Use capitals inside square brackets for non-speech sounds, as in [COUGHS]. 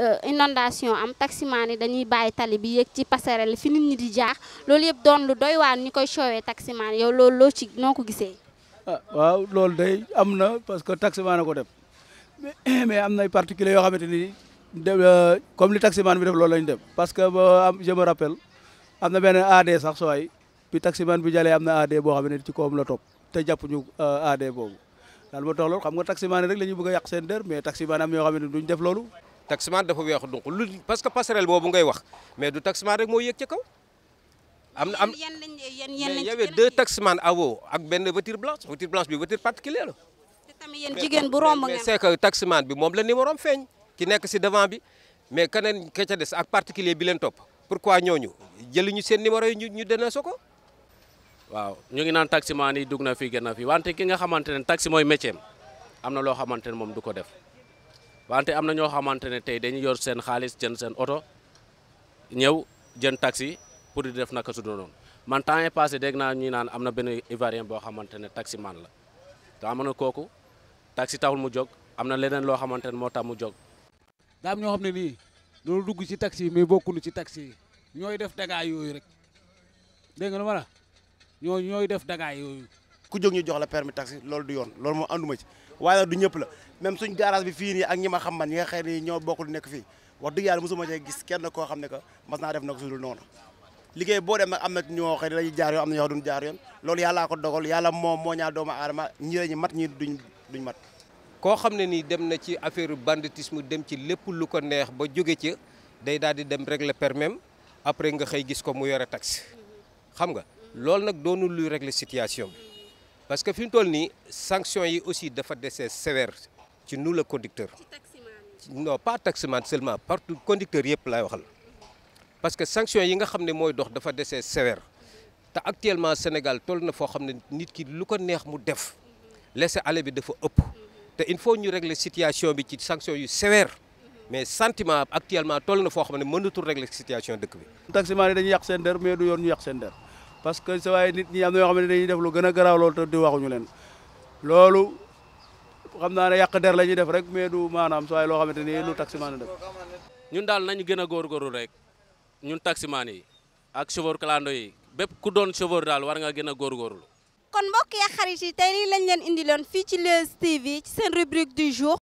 Euh, inondation am taximaan yi dañuy bàyyi tali bi yéeg ci passerelle fi nit ñi di jaax loolu yëpp doon lu doy waar ñu koy coowee taximaan yow loolu loo ci noo ko gisee. Ah, waaw loolu day am na parce que taximaan a ko def mais [COUGHS] am na ay yoo xamante ni euh, comme li taximaan bi def loolu lañ def parce que ba je me rappelle am na benn AD sax sooy bi taximaan bi jëlee am na AD boo xam ne ci koom la topp te jàpp ñu euh, AD boobu daal moo tax loolu xam nga taximaan rek la ñuy bëgg a yàq seen der mais taximaan am yoo xam ne duñ def loolu. taximaan dafa weexu donc lu parce que passerelle boobu ngay wax mais du taximaan rek moo yéeg ca kaw. am na am mais y' avait deux taximaan awo ak benn voiture blanche voiture blanche la. te tamit yéen jigéen bu romb ngeen mais c'est que taximaan bi moom la numéro feeñ. ki nekk si devant bi mais keneen ka des ak particulier bi leen topp pourquoi ñooñu jëliñu seen numéro yi ñu ñu dénoncé ko. waaw ñu ngi naan taximaan yi dug na fii gën na fii wante ki nga xamante ne taxi mooy métier am na loo xamante ne moom du ko def. wante am na ñoo xamante ne tey dañu yor seen xaalis jënd seen oto ñëw jënd taxi pour di def naka su doonoon man temps est passé dégg naa ñuy naan am na benn ivoirien boo xamante ne taxi man la te am na kooku taxi taxul mu jóg am na leneen loo xamante ne moo tax mu jóg. daa ñoo xam ne nii loolu dugg ci taxi yi mais bokkunu ci taxi yi ñooy def dagaay yooyu rek dégg nga ma la ñooy def dagaay yooyu. ku jóg ñu jox la permis taxi loolu du yoon loolu moom ànduma ci waaye du ñëpp la même suñ garage bi fii nii ak ñi ma xam man ñi nga xëy ni ñoo bokkul nekk fii wax dëgg yàlla mosuma cee gis kenn koo xam ne que mas naa def na ko sudul liggéey boo dem nag am na ñoo xëy ni jaar yoon am na ñoo xam jaar yoon loolu yàllaa ko dogal yàlla moom moo ñaa doomu aadama ñi lañu mat ñi duñ duñ mat koo xam ne nii dem na ci affaire banditisme dem ci lépp lu ko neex ba jóge ci day daal di dem régler permis après nga xëy gis ko mu yore taxi xam nga loolu nag doonul luy régler situation bi parce que fi mu toll nii sanction yi aussi dafa dese sévère ci nous le conducteur non pas taximan seulement partout conducteur yëpp laay waxal parce que sanction yi nga xam ne mooy dox dafa dese sévère te actuellement Sénégal toll na foo xam ne nit ki lu ko neex mu def laisser ale bi dafa ëpp te il faut ñu régler situation bi ci sanction yu sévère mais sentiment actuellement toll na foo xam ne mënatul régler situation dëkk bi. taximan yi dañuy yàq seen der mais du yoon yàq seen parce que sa waaye nit ñi am na yoo xam ne dañuy def lu gën a loolu te di waxuñu leen loolu xam naa ne yàq der la ñuy def rek mais du maanaam sa waaye loo xamante ni lu taximaan def ñun daal nañu gën a góorgóorlu rek ñun taximaan yi ak chauffeur clando yi bépp ku doon chauffeur daal war nga gën a góorgóorlu kon mbokk ya xarit yi tey lii lañ leen indiloon fii ci Leuz TV ci seen rubrique du jour